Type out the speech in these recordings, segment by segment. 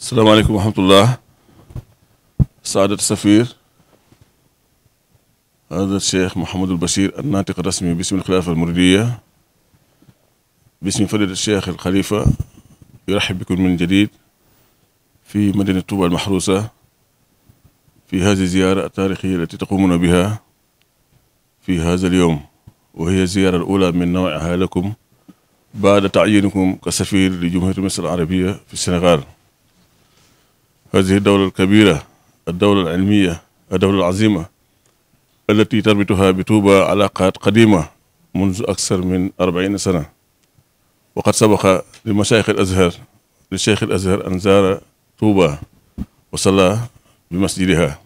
salaamaaleykum wa rahmatullah saadat safir hazrat cheikh Mouhamadul Bachir an natiq rasmi bismil xilaafa almuridiya bismi fadilat cheikh al xalifa yurahib bikum min jadid fi madinat tuuba al mahrusa fi hazi ziyara taarixiya allati taqumuna biha fi haza al yowm wa hiya ziyara al ula min nawiha lakum baada taayinikum ka safir li jumhuriyati misr al arabiya fi Sénégal هذه الدولة الكبيرة الدولة العلمية الدولة العظيمة التي تربطها بطوبى علاقات قديمة منذ أكثر من أربعين سنة وقد سبق لمشايخ الأزهر لشيخ الأزهر أن زار طوبى وصلى بمسجدها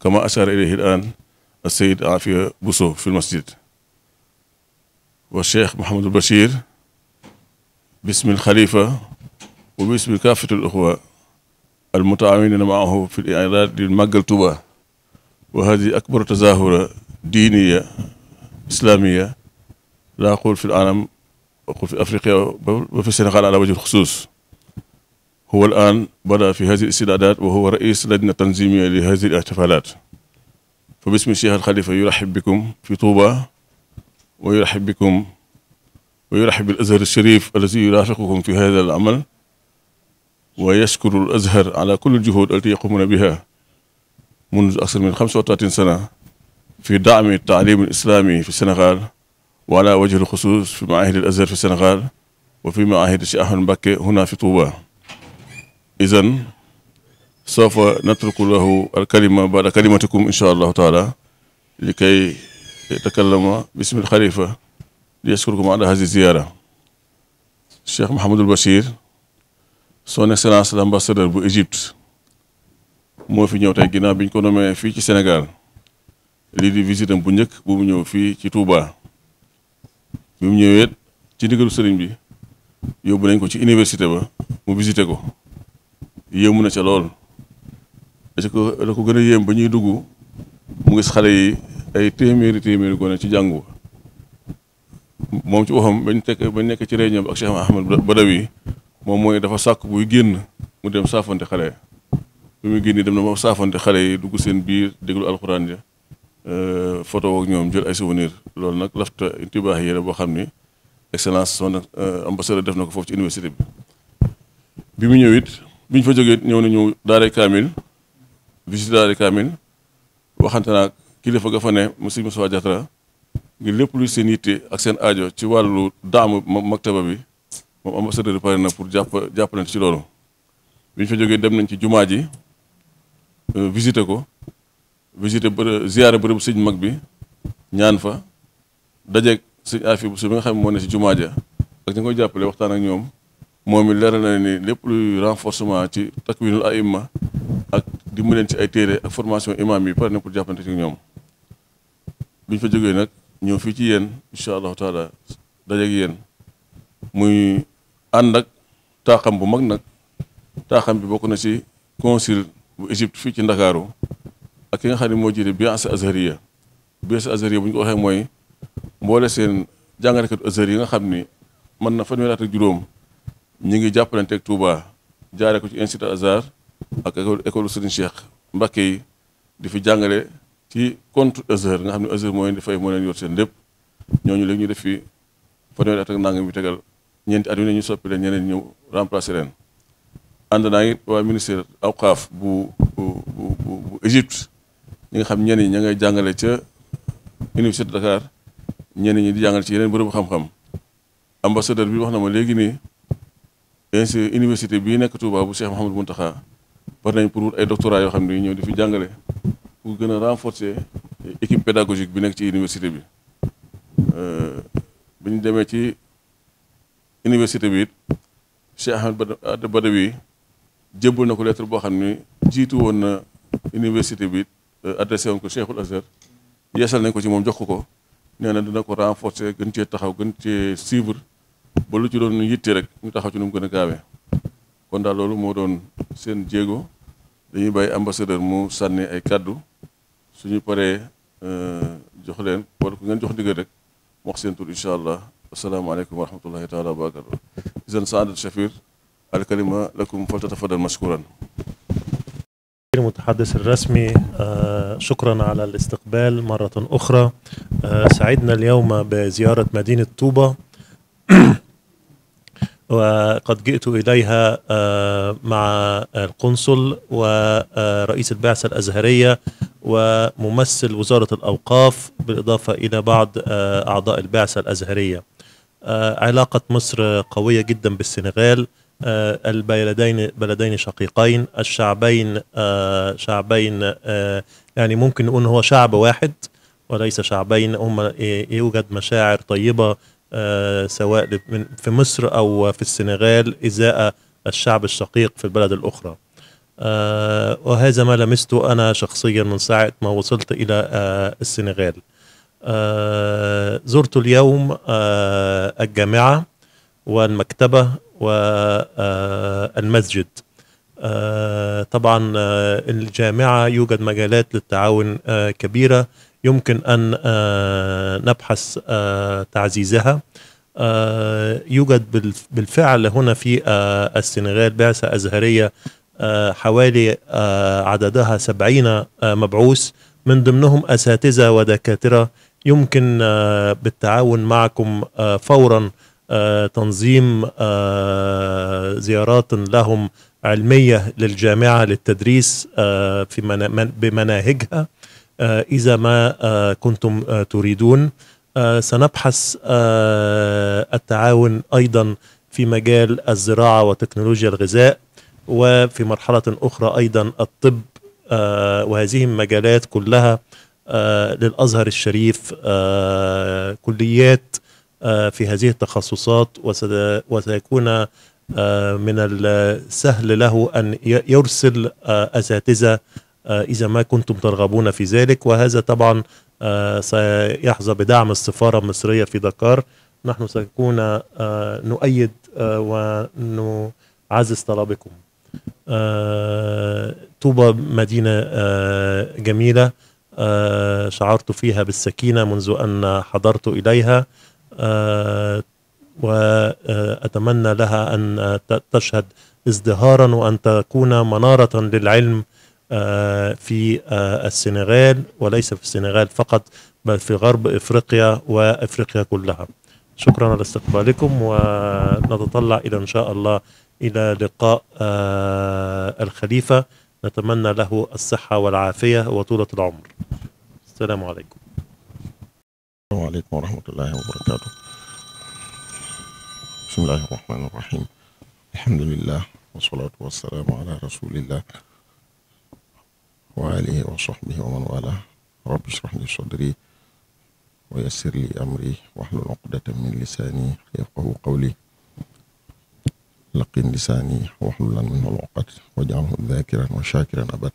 كما أشار إليه الآن السيد عافية بوسو في المسجد والشيخ محمد البشير باسم الخليفة وباسم كافة الأخوة al mutaawinina maahu fi iraad di màggal Tuuba wa hadi akbaru tazahura diiniya islaamiya laa qul fi alam qul fi afriqia wa fi sénégal ala wajhi xusuus huwa al aan bada fi hadi istidaadat wa huwa rais lajna tanzimia li hadi al ihtifalat fa bismi cheikh al xalifa yurahib bikum fi Tuuba wa yurahib bikum wa yurahib bil azhar al sharif allazi yurafiqukum fi hada al amal wa yashkuru al azhar ala kulli juhud alati yaqumuna biha mundu aksar min xamsi wa taatin sana fi daami taalim al islami fi sénégal wa ala wajhi al xusuus fi maahid al azhar fi sénégal wa fi maahid si ahmad mbakke huna fi tuuba izan sawfa natruku lahu al kalima baada kalimatikum insha allahu taala li kay takallama bismi al xalifa li yashkurukum ala hazi ziyara cheikh mahamadul bachir son excellence l'ambassadeur bu Égypte moo fi ñëw tey ginnaaw biñ ñu ko nommé fii ci senegal lii di visitam bu njëkk bu mu ñëw fii ci Touba bi mu ñëwee ci ndigalu sëriñ bi yóbbu nañ ko ci université ba mu visité ko yéemu na ca lool parce que da ko gën a yéem ba ñuy dugg mu ngis xale yi ay téeméeri téeméeri gone ci jàngu moom ci waxam bañ tekk bañ nekk ci réunion bi ak Cheikh Ahmed Badawi moom mooy dafa sàkk buy génn mu dem saafante xale yi bi muy génn dem na ba saafante xale yi dugg seen biir déglu alxuraan ja euh, photo ak ñoom jël ay souvenir loolu nag lafta intibaax yi la boo xam ni excellence son euh, ambassadeur def na ko foofu ci université bi bi mu ñëw it bi ñu fa jógee ñëw nañu daare kaamil visite daare kaamil waxante naa kilifa ga fa ne monsieur Moussa Diatra ngir lépp luy seen yitte ak seen aajo ci wàllu daamu maktaba bi moom ambassadeur pare na pour jàpp jàppalante ci loolu bi fa jógee dem nañ ci jumaa ji euh, visiter ko visiter bërë ziyaare bërëb sëñ mag bi ñaan fa dajeeg sëñ Afi bu bi nga xam ne ne si jumaa ja ak ñu koy jàppale waxtaan ak ñoom moom it leeral na ni lépp luy renforcement ci takwinul aima ak dimbali leen ci ay téere ak formation imam yi pare na pour jàppalante ci ñoom bi fa jógee nag ñëw fii ci yéen incha allahu taala dajeeg yéen muy ànd ak taaxam bu mag nag taaxam bi bokk na ci consul bu Égypte fii ci Ndakaaru ak ki nga xam ne moo jiite Bias Azhariya Bias Azhariya bu ñu ko waxee mooy mboole seen jàngalekatu Azhar yi nga xam ni mën na fanweeri at ak juróom ñi ngi jàppalante ak Touba jaaree ko ci institut Azhar ak école école Serigne Cheikh Mbacké yi di fi jàngale ci compte Azhar nga xam ne Azhar mooy fay moo leen yor seen lépp ñooñu léegi ñu def fi fanweeri at ak nangam bi tegal. ñeenti at yu ñu soppi leen ñeneen ñëw remplacer leen ànd naa ngi waa ministère awqaaf bu bu bu bu Égypte ñi nga xam ñenn ñi ña ngay jàngale ca université de Dakar ñenn ñi di jàngale ci yeneen bërëbu xam-xam ambassadeur bi wax na ma léegi nii ainsi université bii nekk Touba bu Cheikh Mouhamadou Mountakha par nañ pour ay doctorat yoo xam ne ñëw di fi jàngale pour gën a renforcer équipe pédagogique bi nekk ci université bi euh, bi ñu demee ci. université bi it Cheikh ba Badawi jébbal na ko lettre boo xam ni jiitu woon na université bi euh, adressé woon ko Cheikhul Azhar yeesal nañ ko ci moom jox ko ko nee na dina ko renforcer gën cee taxaw gën cee suivre ba lu ci doon yitte rek ñu taxaw ci nu mu gën a gaawee kon daal loolu moo doon seen jéego dañuy bàyyi ambassadeur mu sànni ay kàddu suñu paree euh, jox leen wala ku ngeen jox ndigal rek wax seen tur incha allah. asalaamaaleykum wa rahmatullahi taala wa barakatu isan saadat shafir alkalima lakum faltatafadal mashkuran المتحدث الرسمي شكرا على الاستقبال مرة أخرى سعدنا اليوم بزيارة مدينة طوبة وقد جئت إليها مع القنصل ورئيس البعثة الأزهرية وممثل وزارة الأوقاف بالإضافة إلى بعض أعضاء البعثة الأزهرية علاقة مصر قوية جدا بالسنغال البلدين بلدين شقيقين الشعبين شعبين يعني ممكن نقول هو شعب واحد وليس شعبين هم يوجد مشاعر طيبة سواء في مصر أو في السنغال إزاء الشعب الشقيق في البلد الأخرى وهذا ما لمسته أنا شخصيا من ساعة ما وصلت إلى السنغال زرت اليوم الجامعة والمكتبة والمسجد طبعا الجامعة يوجد مجالات للتعاون كبيرة يمكن أن نبحث تعزيزها يوجد بالفعل هنا في السنغال بعثة أزهرية حوالي عددها سبعين مبعوث من ضمنهم أساتذة ودكاترة يمكن بالتعاون معكم فورا تنظيم زيارات لهم علمية للجامعة للتدريس في بمناهجها إذا ما كنتم تريدون سنبحث التعاون أيضا في مجال الزراعة وتكنولوجيا الغذاء وفي مرحلة أخرى أيضا الطب وهذه المجالات كلها للازهر الشريف كليات في هذه التخصصات وسيكون من السهل له ان يرسل اساتذه اذا ما كنتم ترغبون في ذلك وهذا طبعا سيحظى بدعم السفاره المصريه في دكار نحن سنكون نؤيد ونعزز طلبكم طوبى مدينه جميله شعرت فيها بالسكينة منذ أن حضرت إليها وأتمنى لها أن تشهد ازدهارا وأن تكون منارة للعلم في السنغال وليس في السنغال فقط بل في غرب إفريقيا وإفريقيا كلها شكرا على استقبالكم ونتطلع إلى إن شاء الله إلى لقاء الخليفة نتمنى له الصحة والعافية وطولة العمر السلام عليكم السلام عليكم ورحمة الله وبركاته بسم الله الرحمن الرحيم الحمد لله والصلاة والسلام على رسول الله وآله وصحبه ومن والاه رب اشرح لي صدري ويسر لي أمري واحلل عقدة من لساني يفقه قولي laqin lisaani waxlulan min al uqat waj'alhu dhaakiran wa shaakiran abad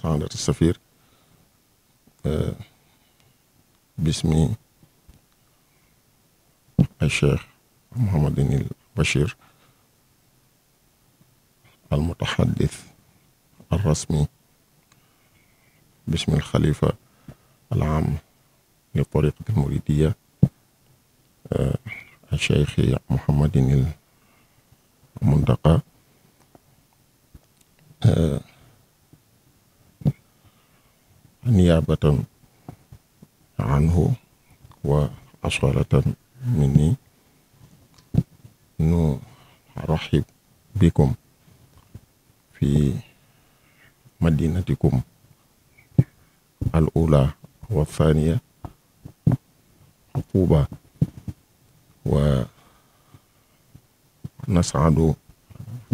saadat safir bismi Cheikh Mouhamadinil Bachir al mutahaddith al rasmi bismil xalifa al aam li tariqati al muridiyya cheikhi Mouhamadinil Muntaqa niyaabatan anhu wa aswaratan minni nu raxib bikum fi madinatikum al ula wa thaniya Tuuba wa nasaadu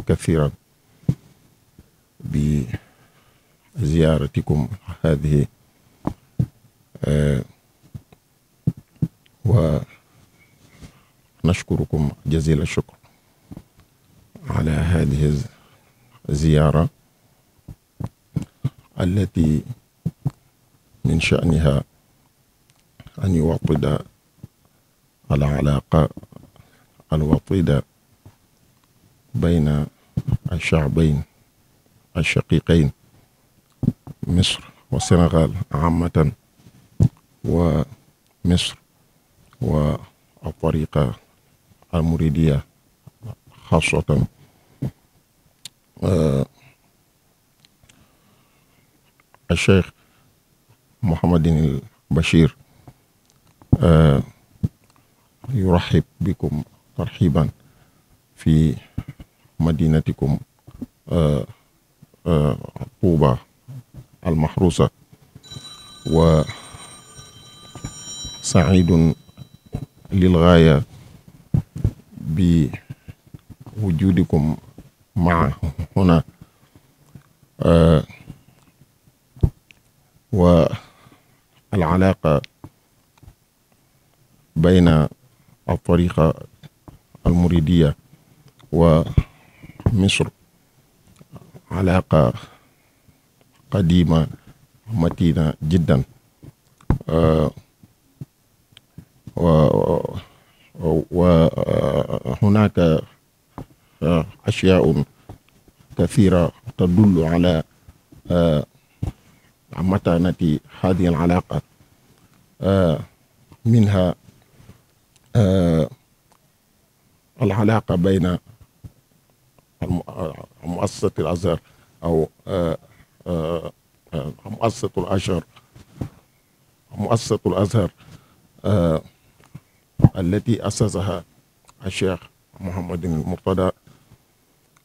kathiran bi ziyaaratikum haadihi wa nashkurukum jazila shukr ala haadihi ziyaara allati min sha'niha an yuwaqida ala alaaqa alwatida bayna alchaabayn alchaqiqayn misr wa sénégal amatan wa misr wa atariqa almouridia xaasatan alcheikh mohamadin albachir yurahib bikum tarxiban fi madinatikum tuuba almahrusa wa saidun lilgaaya bi wujudikum maa huna wa alcalaaqa bayna الطريقة المريدية ومصر علاقة قديمة متينة جدا وهناك أشياء كثيرة تدل على متانة هذه العلاقة منها العلاقة بين مؤسسة الأزهر أو مؤسسة الأشهر مؤسسة الأزهر التي أسسها الشيخ محمد المرتضى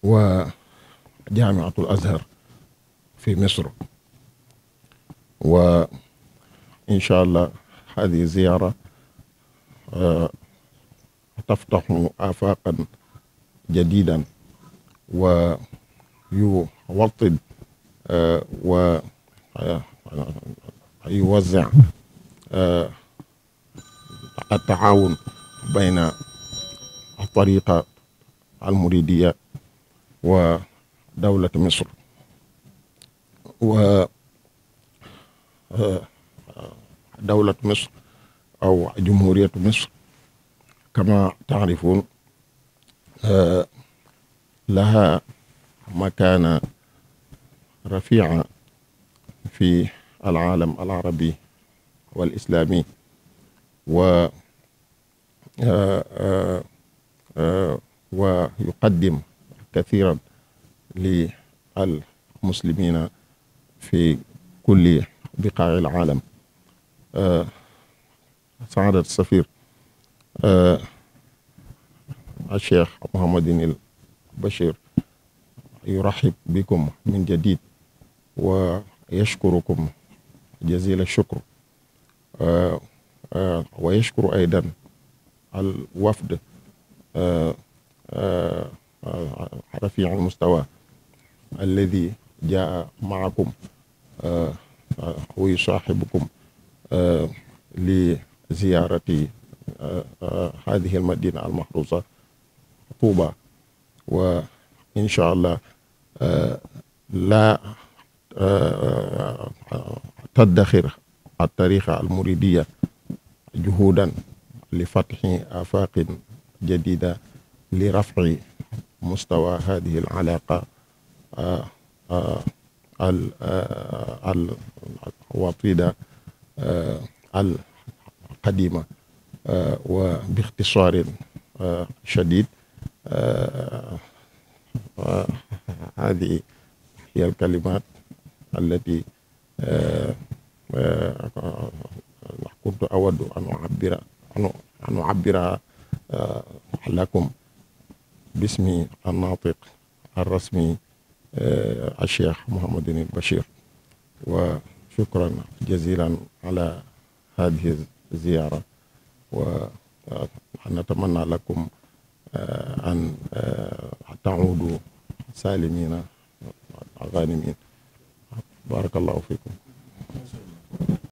وجامعة الأزهر في مصر وإن شاء الله هذه زيارة تفتح آفاقا جديدا ويوطد ويوزع التعاون بين الطريقة المريدية ودولة مصر ودولة مصر أو جمهورية مصر kama taarifuun laha makaana rafiica fi alaalam alarabi wal islaami wa wa yuqaddim kathiran li al muslimina fi kulli biqaaci alaalam saadat safir الشيخ محمد البشير يرحب بكم من جديد ويشكركم جزيل الشكر ويشكر أيضا الوفد رفيع المستوى الذي جاء معكم ويصاحبكم لزيارة hadihi al madina al mahrusa Touba wa incha allah laa taddaxir altariqa almuridiya juhudan li fatxi afaqin jadida li rafci mustawa hadihi alalaqa al watida al qadima wa bixtisaarin shadid hadi hiya alkalimat allati kuntu awaddu an uabbira an uabbira eh, lakum bismi annatiq arrasmi eh, alcheikh Mouhamadin Bachir wa shukran jazilan ala hadihi ziyaara ونتمنى لكم أن تعودوا سالمين غانمين بارك الله فيكم